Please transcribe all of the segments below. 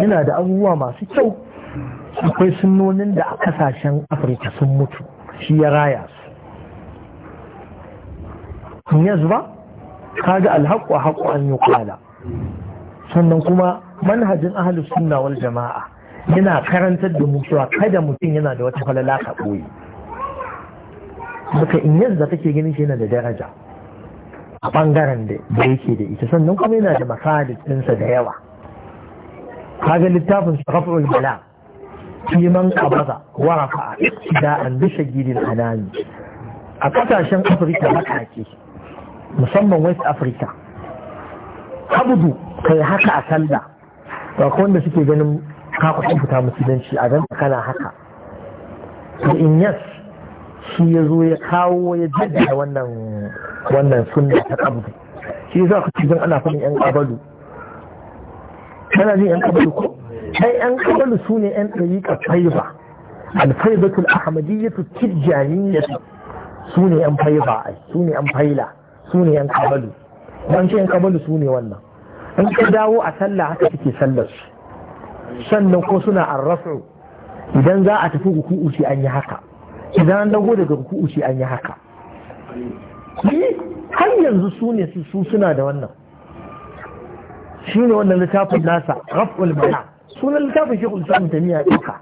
yana da abubuwa masu kyau akwai sunnonin da a kasashen afirka sun mutu shi ya raya su in yanzu ba kaga a haƙo an yi kwala sannan kuma manhajin ahalus suna wal jama'a yana karantar da mutuwa kada mutum yana da wata falala ka ɓoye baka in yanzu da take ganin shi yana da daraja a ɓangaren da yake da ita sannan kuma yana da makalit ɗinsa da yawa kaga littafin sarrafin bala kiman kabaza warafa da an bi shagidin anani a kasashen afirka makake musamman west africa abudu kai haka a sallah ba wanda suke ganin kakwasan fita musulunci a ganta kana haka to in yes shi ya zo ya kawo ya jaddada wannan wannan sunna ta kabudu shi za ku cikin ana faɗin yan ƙabalu? kana jin yan kabalu ko ai yan kabalu su ne yan ɗariƙa faiba alfaibatul ahmadiyyatu tijjaniyyatu su ne yan faiba ai su ne yan faila sune ne yan kabalu ban ce yan kabalu su wannan in ka dawo a sallah haka kike sallar su sannan ko suna arrafu idan za a tafi ruku'u sai an yi haka idan an dago daga ruku'u sai an yi haka har yanzu su ne su suna da wannan shi ne wannan littafin nasa raf'ul manam sunan littafin shi kulsa tamiya duka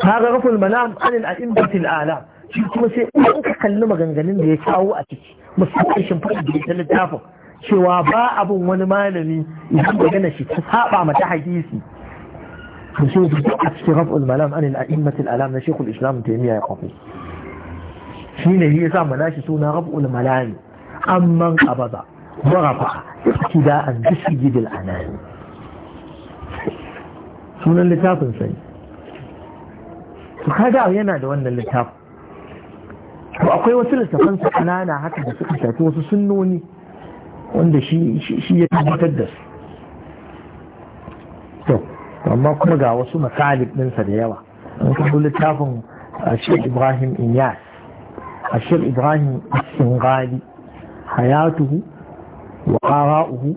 kaga raf'ul manam anil a'immatil alam shi kuma sai in ka kalli maganganun da ya kawo a ciki musamman shin fara da ita littafin cewa ba abin wani malami idan magana shi ta saba mata hadisi to sai da a cikin raf'ul manam anil a'immatil alam na shekul islam tamiya ya kafi shi ne yasa mana shi suna raf'ul malami amman qabaza ورفع iktida'an bi sayyidil anani sunan littafin sai Su kaga yana da wannan littafin to akwai wasu littafan su kanana haka da suka shafi wasu sunnoni wanda shi ya tabbatar da su to amma kuma ga wasu masalib ɗinsa da yawa an kasu littafin ashir ibrahim inyas ashir ibrahim singali hayatuhu wa ara'uhu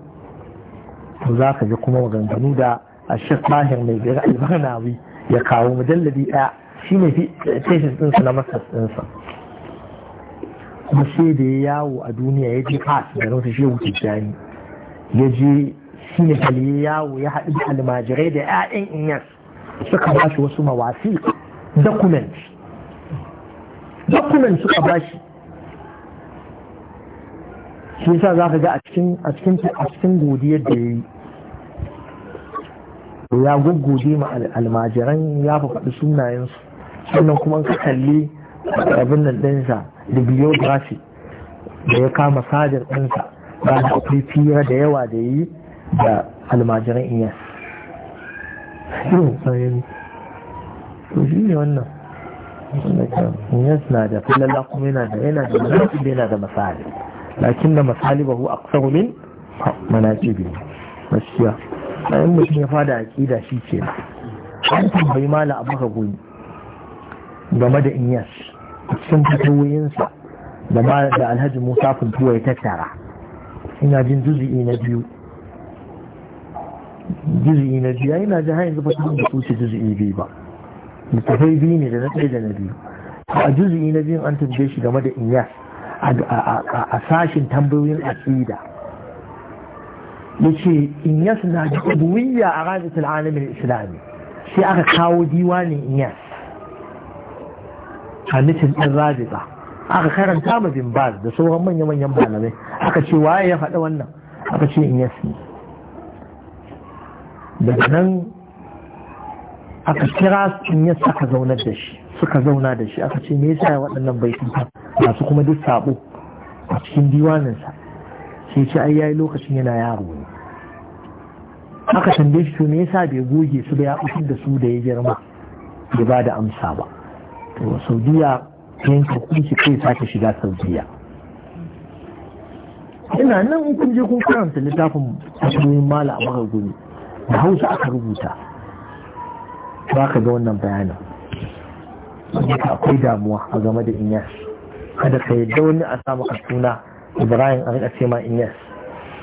to za ka ji kuma maganganu da a shek mahir mai biyar albarnawi ya kawo mujalladi ɗaya shi ne station ɗinsa na masar ɗinsa kuma shi da ya yawo a duniya ya je da garin shi wuce jani ya je shi ne hali ya yawo ya haɗu da almajirai da 'ya'yan inyas suka ba shi wasu mawasi document document suka ba shi shi sa za ka ga a cikin godiyar da ya yi ya gugguje ma almajiran ya faɗi sunayensu sannan kuma ka kalli abin nan ɗinsa da biyografi da ya kama sajar ɗinsa ba da akwai fira da yawa da yi da almajiran iya to shi ne wannan da filalla kuma yana da yana da yana da misali lakin da masalibahu aksaru min manaqibi gaskiya sai mutum ya fada ƙida shi ke an tambayi mala abu ka goyi game da inyas cikin fatawoyinsa da ma da alhaji musa funtuwa ya tattara ina jin juzi'i na biyu juzi'i na biyu ina jin hanyar yanzu fatawoyin da su ce juzi'i biyu ba littafai biyu ne da na ɗaya da na biyu a juzi'i na biyun an tambaye shi game da inyas a sashin tambayoyin aqida yace in na da ubudiyya a radiyatul alamin islami sai aka kawo diwanin inyas a mitin ɗin radiya aka karanta ma bin baz da sauran manya-manyan malamai aka ce waye ya faɗi wannan aka ce inyas ne daga nan aka kira inyas aka zaunar da shi suka zauna da shi aka ce me yasa waɗannan baitin masu kuma duk sabo a cikin diwaninsa sai ce ai yayi lokacin yana yaro ne Haka tambaye shi to me yasa bai goge su ba ya kusur da su da ya girma bai ba da amsa ba to saudiya yanke kunshi kai sake shiga saudiya ina nan in kun je kun karanta littafin asirin mala a maka guri da hausa aka rubuta ba ka ga wannan bayanin akwai damuwa a game da inyashi. kada ka yadda wani a sa maka suna ibrahim a rika ce ma inyas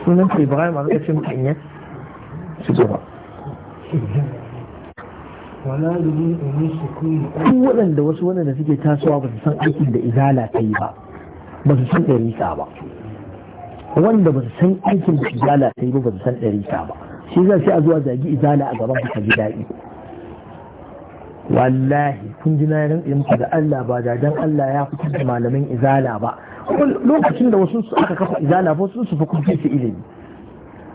sunan ka ibrahim a rika ce maka inyas su gaba kun waɗanda wasu waɗanda suke tasowa ba su san aikin da izala ta yi ba ba su san ɗarisa ba wanda ba su san aikin da izala ta yi ba ba su san ɗarisa ba shi zai sai a zuwa zagi izala a gaban ka ji daɗi wallahi kun ji na rantsi muku da Allah ba da dan Allah ya fitar da malamin izala ba lokacin da wasu su aka kafa izala ba sun su fi kun su ilimi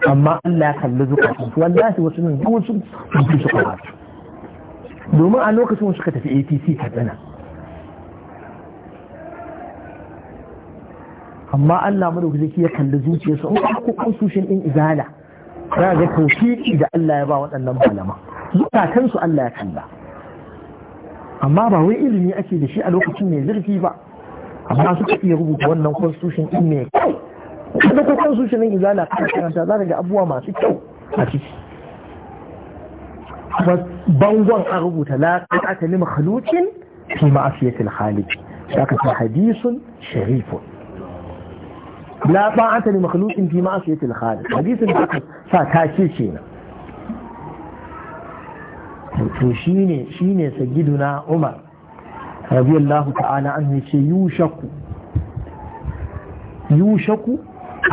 amma Allah ya kalli zukatun su wallahi wasu nan wasu sun fi su karatu domin a lokacin wasu ka tafi ATC ka tsana amma Allah madaukaki ya kalli zuciyarsa in ku constitution din izala za ga tawfiki da Allah ya ba waɗannan malama zukatansu Allah ya kalla amma ba wai ilimi ake da shi a lokacin mai zurfi ba amma suka iya rubuta wannan constitution din mai kyau kada ko constitution din izala ka karanta za ka ga abubuwa masu kyau a ciki bangon a rubuta la qata li makhluqin fi ma'asiyatil khaliq saka ta hadisun sharifun la ta'ata li makhluqin fi ma'asiyatil khaliq hadisin da aka sa ta ce kenan to shine shine sayyiduna Umar radiyallahu ta'ala anhu yace yushaku yوشك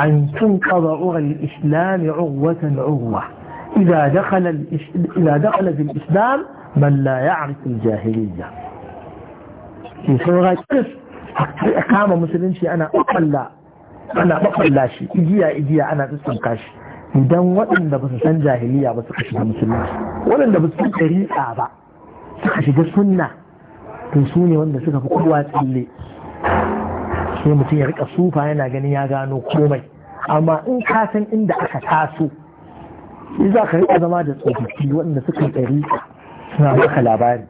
أن تنقض عرى الإسلام عروة عروة إذا دخل, الإش... إذا دخل في الإسلام من لا يعرف الجاهلية في صورة كيف أقام مسلم شيء أنا أقل أنا أقل شيء إجيا إجيا أنا تستنقاش idan waɗanda ba su san jahiliya ba suka shiga musulunci waɗanda ba su san ba suka shiga sunna to su ne wanda suka fi kowa tsalle sai mutum ya rika sufa yana ganin ya gano komai amma in ka san inda aka taso shi za ka rika zama da tsofaffi waɗanda suka yi ɗariƙa suna baka labari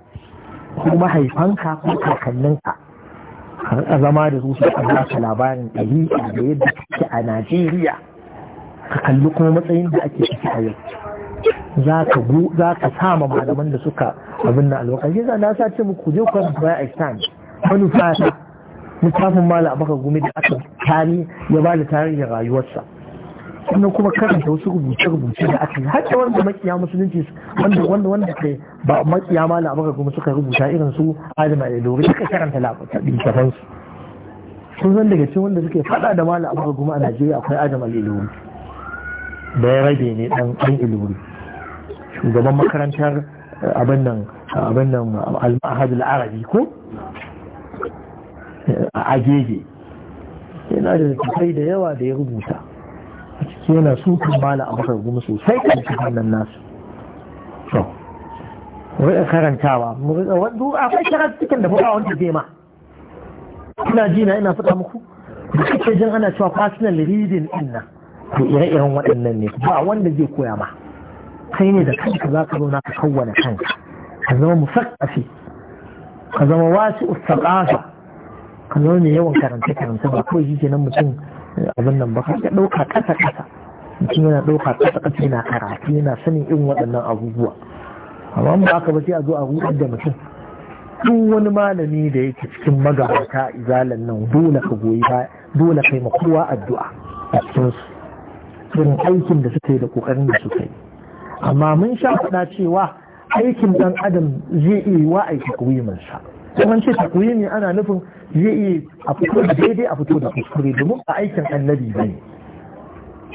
ko mahaifanka ko kakanninka ka rika zama da su suka baka labarin ɗariƙa da yadda suke a najeriya ka kalli kuma matsayin da ake ciki a yau za ka gu za ka sama malaman da suka abin da alwaka shi na sa ce muku je kwan baya islam wani fata littafin mala abaka gumi da aka tari ya ba da tarihin rayuwarsa sannan kuma karanta wasu rubuce-rubuce da aka yi har wanda makiya musulunci wanda wanda wanda kai ba makiya mala abaka gumi suka rubuta irin su adama da lori suka karanta littafin su sun san daga cikin wanda suke fada da mala abaka gumi a najeriya akwai adama da lori da ya rage ne dan ɗan iluri shugaban makarantar eh, abin nan abin nan al-ma'had al-arabi ko eh, a agege yana da kai da yawa da ya rubuta a cikin yana kan bala a bakar gumi sosai kan cikin nan nasu rika karantawa wanda akwai cikin da faɗa wanda zai ma ina ji na ina faɗa muku da kake jin ana cewa personal reading din nan Ko ire-iren waɗannan ne ba wanda zai koya ma kai ne da kanka za ka zauna ka kawwane kanka ka zama musakkafi ka zama wasu ustaƙafa ka zama mai yawan karanta-karanta ba kawai shi kenan mutum eh, abin nan ba ka ɗauka ƙasa-ƙasa mutum yana ɗauka ƙasa-ƙasa yana karatu yana sanin irin waɗannan abubuwa amma ba aka ba sai a zo a rudar da mutum duk wani malami da yake cikin magabata izalan nan dole ka goyi dole kai ma kowa addu'a a cikinsu irin aikin da suka yi da ƙoƙarin da suka yi amma mun sha faɗa cewa aikin ɗan adam zai iya yi wa aiki kuwiminsa kuma ce takwimi ana nufin zai iya a fito da daidai a fito da kuskure domin ba aikin annabi ba ne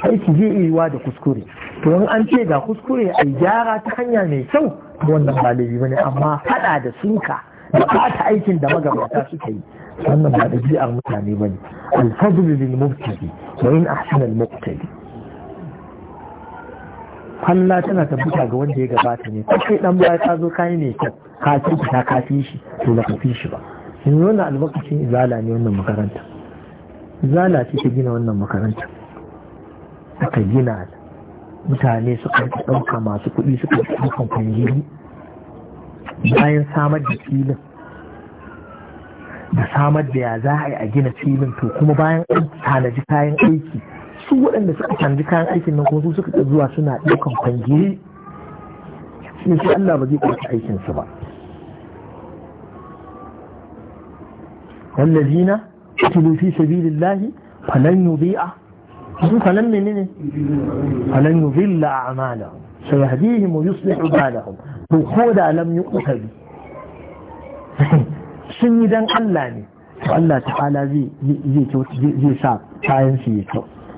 aiki zai iya wa da kuskure to in an ce ga kuskure a gyara ta hanya mai kyau wannan ba laifi ba ne amma haɗa da sunka da ta aikin da magabata suka yi wannan ba da biyar mutane ba ne alfadlu lil mubtadi wa in ahsana al kwalla tana tabbata ga wanda ya gabata ne ko kai dan baya ka zo kai ne kyau ka ci ta kafi shi to ba ka fi shi ba yi wannan albarkacin izala ne wannan makaranta izala ce ta gina wannan makaranta aka gina mutane suka ɗauka masu kuɗi suka ɗaukan kwangiri bayan samar da filin da samar da ya za a yi a gina filin to kuma bayan an tanaji kayan aiki su waɗanda suka canji kayan aikin nan kuma su suka zuwa suna ɗaukan kwangiri shi sai Allah ba zai ƙarfi aikinsu ba Wannan wallazina kutilu fi sabilillahi falan yudi'a su falan menene falan yudilla a'malahum sayahdihim wa yuslihu balahum to ko da lam yuqtabi sun yi dan Allah ne to Allah ta'ala zai zai sa kayan su yi kyau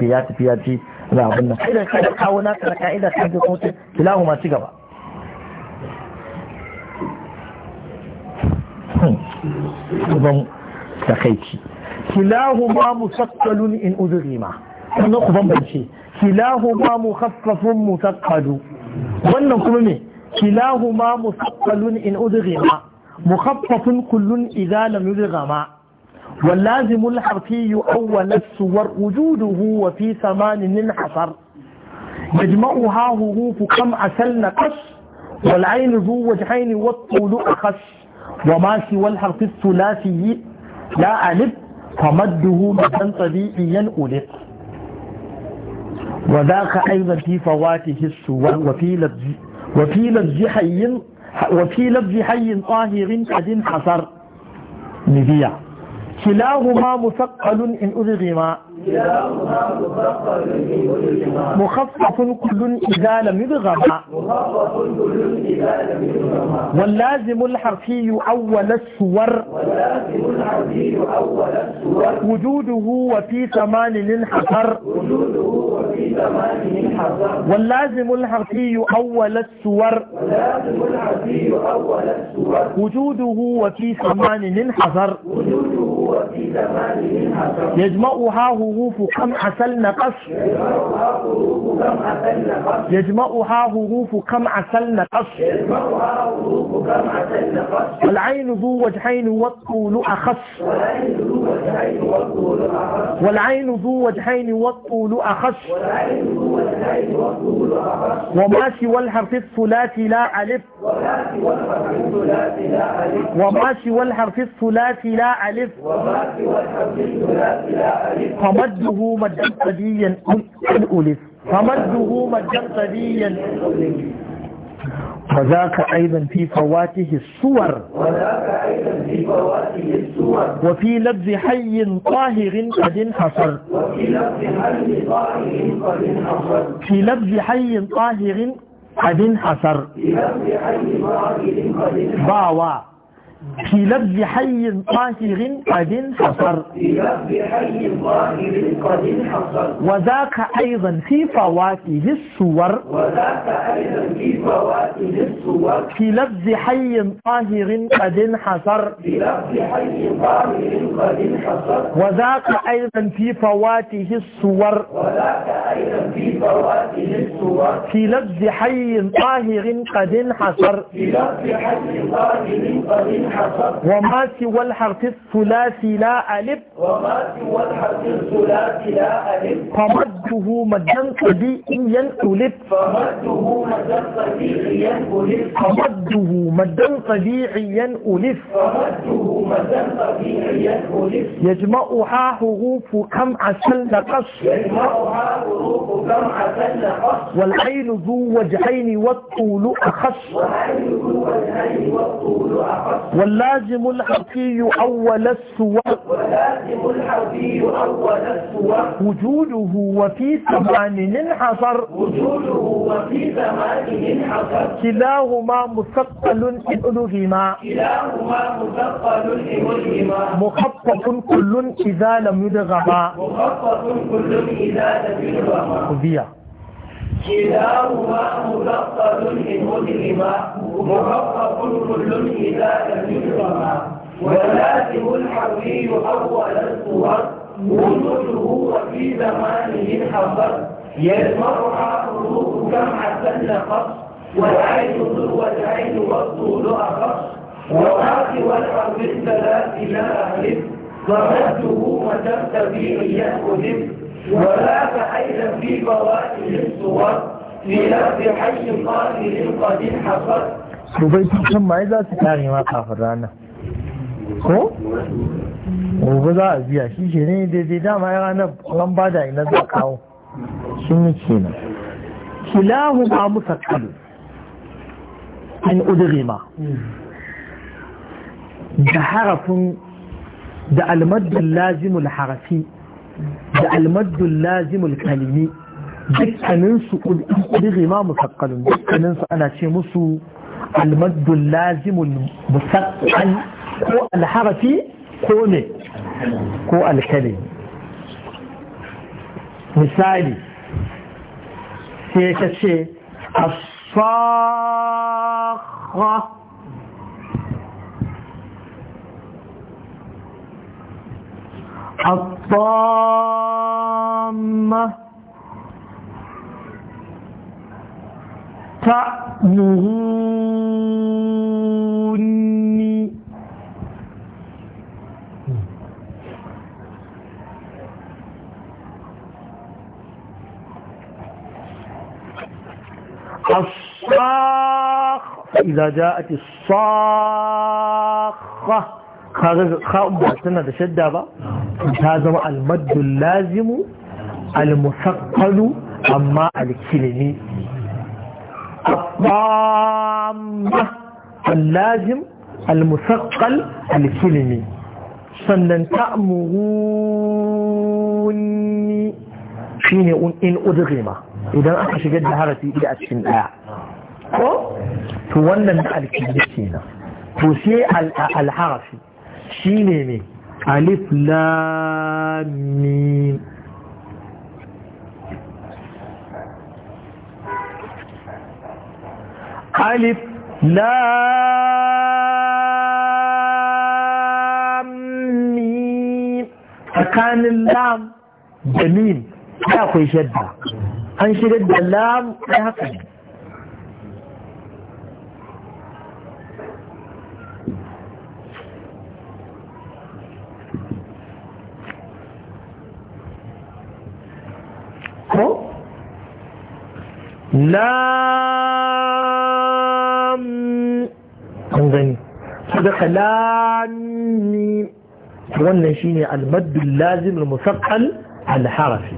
ya tafi ya ci za abin nan idan ka kawo naka na ka'ida ta ga kuma Filahu ma ci gaba kuban hmm. takaici kilahu ma musakkalun in uzuri ma sannan ku bambance kilahu ma mukhaffafun musakkalu wannan kuma me kilahu ma musakkalun in uzuri ma mukhaffafun kullun idza lam yudgha ma واللازم الحرفي أول السور وجوده وفي ثمان انحصر يجمعها هروف كم أسل قش والعين ذو وجهين والطول أخش وما سوى الحرف الثلاثي لا ألف فمده مدا طبيعيا ألف وذاك أيضا في فواته السور وفي لفظ وفي لفظ حي وفي لفظ حي طاهر قد انحصر نبيع كلاهما مثقل إن أدغما مخفف كل إذا لم يدغما واللازم الحرفي أول السور وجوده وفي ثمان للحفر واللازم الحرفي أول السور وجوده وفي ثمان للحفر وجوده يجمعها حروف كم عسل نقص يجمعها حروف كم عسل نقص والعين ذو وجهين والطول أخص والعين ذو وجهين والطول أخص وما سوى الحرف الثلاثي لا ألف وما سوى الحرف الثلاثي لا ألف فمده مدا قديا ألف فمده مدا قديا وذاك أيضا في فواته الصور وذاك أيضا في فواته الصور وفي لبز حي طاهر قد انحصر وفي لبز حي طاهر قد انحصر في لبز حي طاهر قد انحصر في لبز حي طاهر قد انحصر باوا في لفظ حي طاهر قد انحصر وذاك أيضا في فواكه الصور وذاك أيضا في فواكه الصور في لفظ حي طاهر قد انحصر في لفظ حي قد انحصر وذاك أيضا في فواكه الصور وذاك أيضا في فواكه الصور في لفظ حي طاهر قد انحصر في لفظ حي طاهر قد انحصر وما سوى الحرف الثلاثي لا ألف وما سوى الحرف الثلاثي لا ألف فمده مدا صديقيا ينقلب فمده مدا صديقيا ينقلب فمده مدا صديقيا ينقلب فمده مدا صديقيا ينقلب يجمعها حروف كم عسل نقص يجمعها حروف كم عسل نقص والعين ذو وجهين والطول أخص والعين ذو وجهين والطول أخص واللازم الحرفي أول السور واللازم الحرفي أول السور وجوده وفي زمان انحصر وجوده وفي زمان انحصر كلاهما مثقل إن ألغما كلاهما مثقل إن ألغما مخفف كل إذا لم يدغما مخفف كل إذا لم يدغما كلاهما ملقب بمدهما مرقب كل إذا لم يجرما ولازم الحري أول الصور وجوده وفي زمانه الحفر يجمعها حروف كم حسن قص والعين ذو والعين والطول أخص وقاف والحرب الثلاث لا أهلك ضربته متى تبيعي يأخذ ولا فأيضا في بواكه الصور في لفظ حي قاتل قد انحصر sun tushen ma za su kare ma kafin rana. Ko? Gobe za a biya shi ke ne daidai dama ya ranar lamba da ina za kawo. Sun yi kenan. Kilahu ba musa kalu. An udure ma. Da harafin da almaddin lazimul harafi da almaddun lazimul kalimi dukkaninsu ƙudurri ma musakkalin dukkaninsu ana ce musu almaddun lazimul musakkal ko alharafi ko ne ko alkalimi misali sai ka ce asakha الطاعون عامة تأمروني الصاخ إذا جاءت الصاخة خاء بعد سنة تشدى بقى هذا المد اللازم المثقل أما الكلمي الطامة اللازم المثقل الكلمي سنن تأمروني فين إن أدغم إذا أخش جد هارتي إلى أتشن آع تونن الكلمتين تسيء الحرف شيني مي ألف لام ميم ألف لام ميم فكان اللام جميل لا أخي شدة أنشد اللام لا لا gani sadaka lami wannan shine almaddul lazim almusaqqal alharafi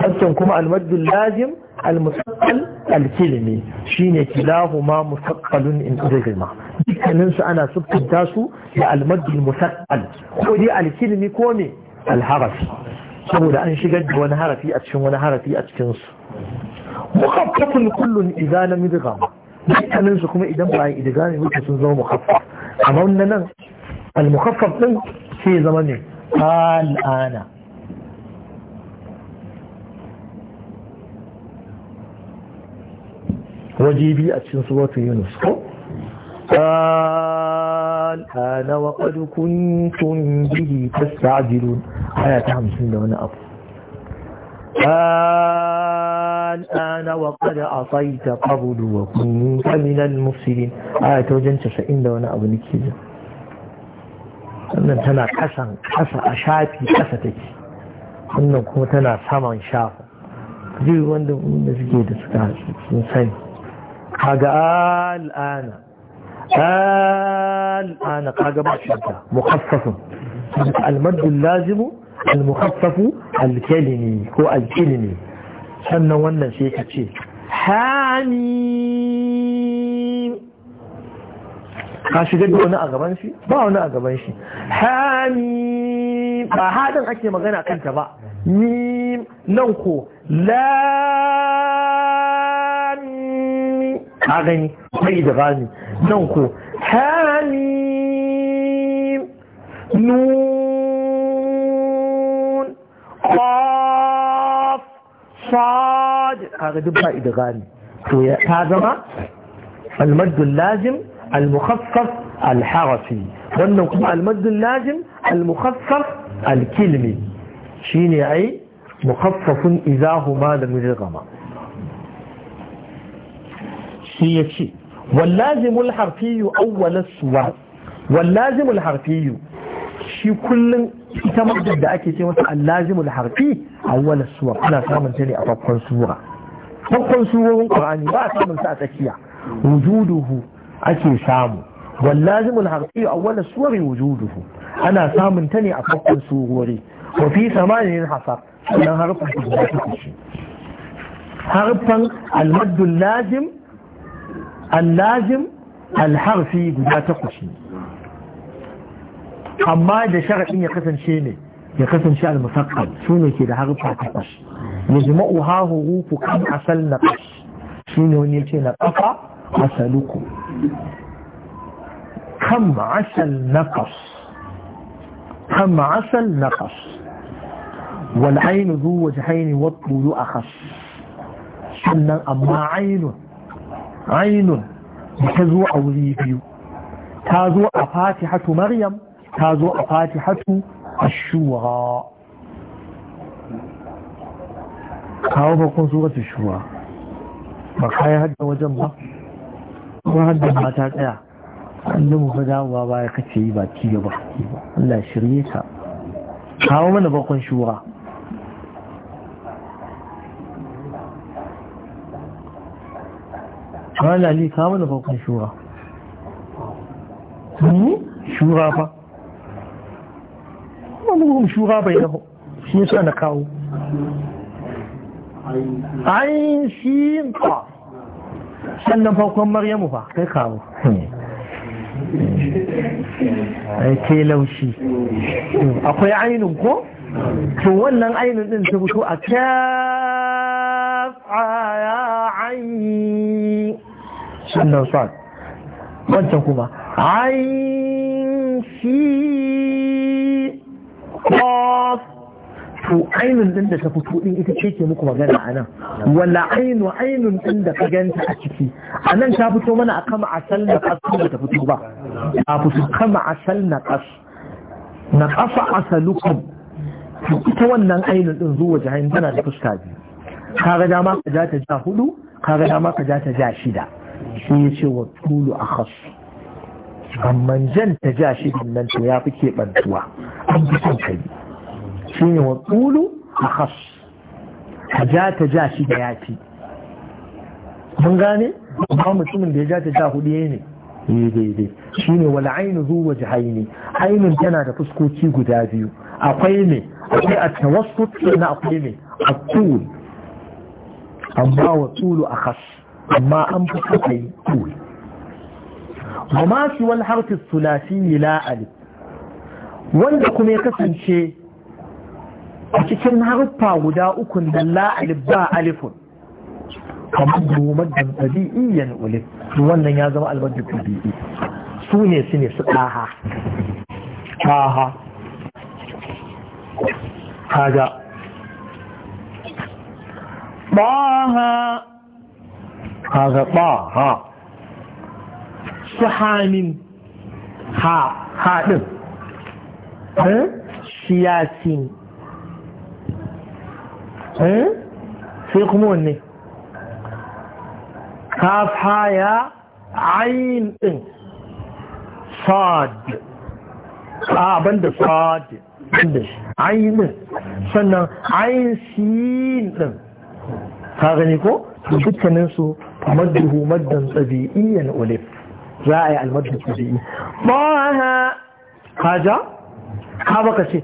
hasan kuma almaddul lazim almusaqqal alkalimi shine kilahuma musaqqalun in udrima dukkanin ana sukunta su da almaddul musaqqal ko dai alkalimi ko ne alharafi saboda an shigar da wani harafi a cikin wani harafi a cikin su mukhaffafun kullun idan lam dukkanin su kuma idan ba a idgami wuce sun zama mukhaffaf amma wannan nan al mukhaffaf din sai zama ne al'ana wajibi a cikin suratu yunus ko الآن وقد كنتم به تستعجلون آية 50 wani abu الآن وقد أطيت قبل وكنت من المفسدين آية توجن تسعين دون أبو نكيزة sannan tana kasan a shafi kasa take wannan kuma tana saman shafa zai wanda wanda suke da suka sun sani kaga al'ana al'ana kaga ba mukaffafin almadul lazimu al-mukhaffafu al-kalimi ko al-kalimi sannan wannan sai ka ce hamim ka shigar da wani a gaban shi ba wani a gaban shi hamim ba hadan ake magana kanta ba mim nan ko lami ka gani mai da bani nan ko hamim صاد هذا دبا إدغامي هذا المد اللازم المخفف الحرفي wannan kuma almaddin lazim alkilmi mukhaffaf al-kilmi shine ai mukhaffafun idza huma lam yuzghama shi yace wal lazim al-harfi awwal suwar wal lazim al shi kullum ita madar da ake ce masa allazimul harfi a awwal suwar ana samun ta ne a farkon sura farkon surorin qur'ani ba a samun sa a tsakiya wujuduhu ake samu wallazimul harfi awwal suwar wujuduhu ana samun ta ne a farkon surori wa fi samanin hasar sannan harfin da take harfan almaddul lazim allazim alharfi guda takwas ne amma da sharaɗin ya kasance ne ya kasance al-musaqqal shine ke da harfa ta takwas yajma'u ha hurufu kam asal na shi ne wani yace na qafa asaluku kam asal na naqas kam asal na naqas wal ayn zu wajhayn wa tulu akhas sannan amma aynun aynun ta zo a wuri biyu ta zo a fatihatu maryam ta zo a fatihatu ashura kawo bakon suratu shura ba ka yi hadda wajen ba kuma hadda mata tsaya an da mu dawowa ba ya kace yi ba ci gaba Allah shirye ka kawo mana bakon shura Kawai lalika mana bakon shura. Hmm? Shura fa. amruhum shura bainahum shi yasa na kawo ayin shi ta sannan farkon maryamu ba kai kawo ai ke laushi akwai ainin ko to wannan ainin din ta fito a kafa ya ayi sannan sa wancan kuma ayin qaf to ainun din da ta fito din ita ce ke muku magana a nan wala ainu ainun din da ka ganta a ciki a nan ta fito mana a kama asal na qas da ta fito ba ta fito kama asal na qas na qasa asalukum ita wannan ainun din zuwa jahin tana da fuska biyu kaga dama ka ja ta ja hudu kaga dama ka ja ta ja shida sai ya ce wa tulu a kasu, amma jan ta ja shi nan to ya fi keɓantuwa an fi son kai shi ne wa tsulu a has ka ja ta ja shi da fi. mun gane amma mutumin da ya ja ta ja hudu ya ne daidai eh, shi ne wala ainu zuwa jihaini ainin tana da fuskoki guda biyu akwai ne akwai a tawassut sannan akwai ne a tul amma wa tulu a khas amma an fi kai yi tul wa ma shi wal harfi sulasi la alif wanda kuma ya kasance a cikin haruffa guda ukun da la'alif ba alifun kamar gomar da tabi'iyyan ulif wannan ya zama albar da tabi'i su ne su ne su ɗaha ɗaha kaga ɗaha kaga ɗaha su hamin ha haɗin Eh? siyasi eh? sai kuma wanne kafaya ayin din sad abin da sadi banda ayin din sannan ayin siyin din ka gani ko dukkaninsu madduhu maddan tsabi'iyyan olif za a yi almaddan tsabi'i ba ha kaja ka ce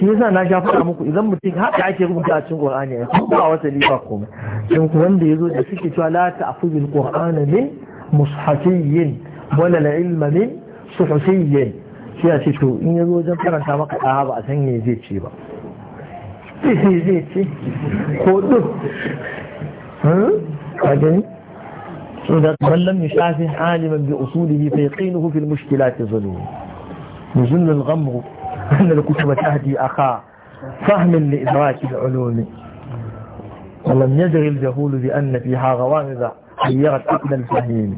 shi yasa na sha faɗa muku idan mutum haka ake rubuta a cikin Qur'ani ya kuma ba wata lifa komai dan wanda zo da suke cewa la ta'khudhul Qur'ana min mushafiyyin wala al-ilma min suhufiyyin shi ya ce to in ya zo wajen karanta maka da ba a san me zai ce ba zai ce ko duk ha hmm? سودة من لم يشافه عالما بأصوله فيقينه في المشكلات ظلوم يظن الغمر أن الكتب تهدي أخاه فهم لإدراك العلوم ولم يدغ الجهول بأن فيها غوامض حيرت عقل الفهيم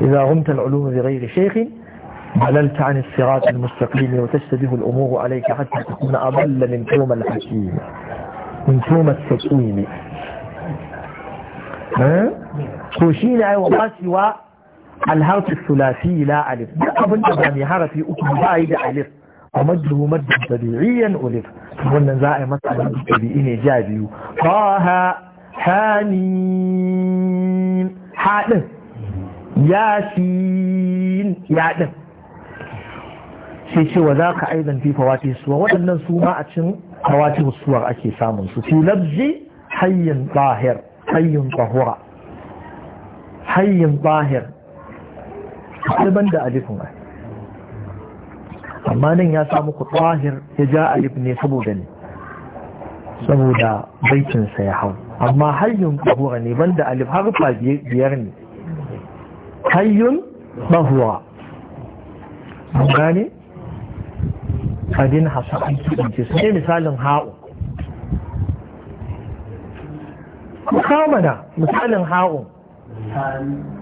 إذا غمت العلوم بغير شيخ بللت عن الصراط المستقيم وتشتبه الأمور عليك حتى تكون أضل من توم الحكيم من توم التسويم ها؟ كوشينا وقسوا الهرف الثلاثي لا ألف قبل أن يحرف أكبر بعيد ألف ومده مد طبيعيا ألف قلنا زائر مسألة بإن جابي طاها حانين حانين ياسين ياسين شيء وذاك أيضا في فواتي السور وأن سوما أتشن فواتي السور أكي سامن في لبزي حي طاهر حي طهورا hayyin zahir ɗalban da alifin ai amma nan ya samu ku zahir ya ja alif ne saboda ne saboda baikinsa ya hau amma hayyun bahura ne ban da alif harfa biyar ne hayyun bahura mun gane adin hasa an kiɗance su ne misalin ha'u musamman misalin ha'u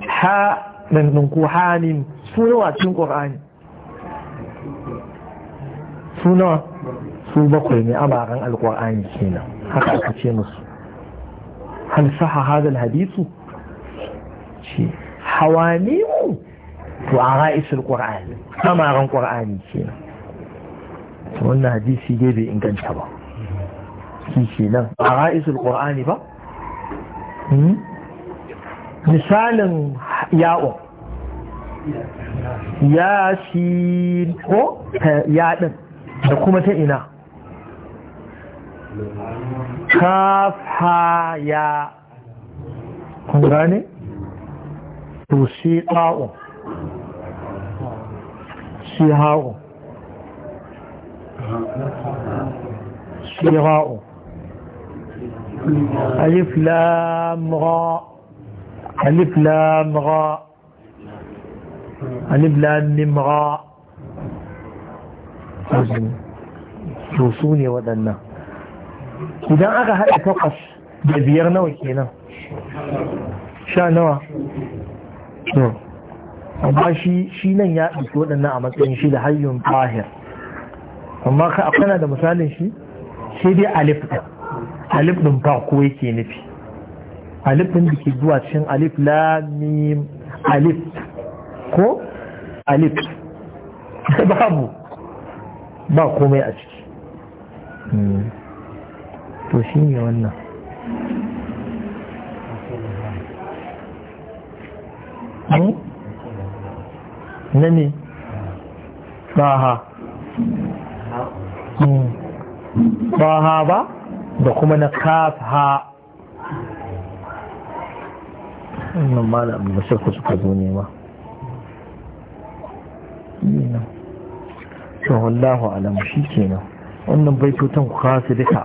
ha ɗanɗanku hanin su cikin ƙorani su nawa su bakwai ne amaran alƙorani nan haka aka ce musu hal saha hadal hadisu ce hawa ne mu to a ra'isul ƙorani amaran ƙorani kenan wannan hadisi dai bai inganta ba shi nan a ra'isar ƙorani ba hmm? misalin ya'un ya shi ko yaɗin da kuma ta ina kafa ya kun gane? to shi ɗa'un shi ha'un shi ha'un alif lamra alif lam ra alif lam mim ra to su ne waɗannan idan aka haɗa takwas da biyar nawa kenan sha nawa to amma shi shi nan ya ɗauki waɗannan a matsayin shi da hayyun tahir amma ka akwai da misalin shi sai dai alif ɗin alif ɗin farko yake nufi alif din da ke zuwa cikin alif lamim alif ko alif babu ba komai a ciki hmm. to shi ne wannan hmm? na ne baha hmm. baha ba da kuma na kafa wannan malam bashir ku suka zo nema to wallahu alam shi kenan wannan baitotan ku kawo su duka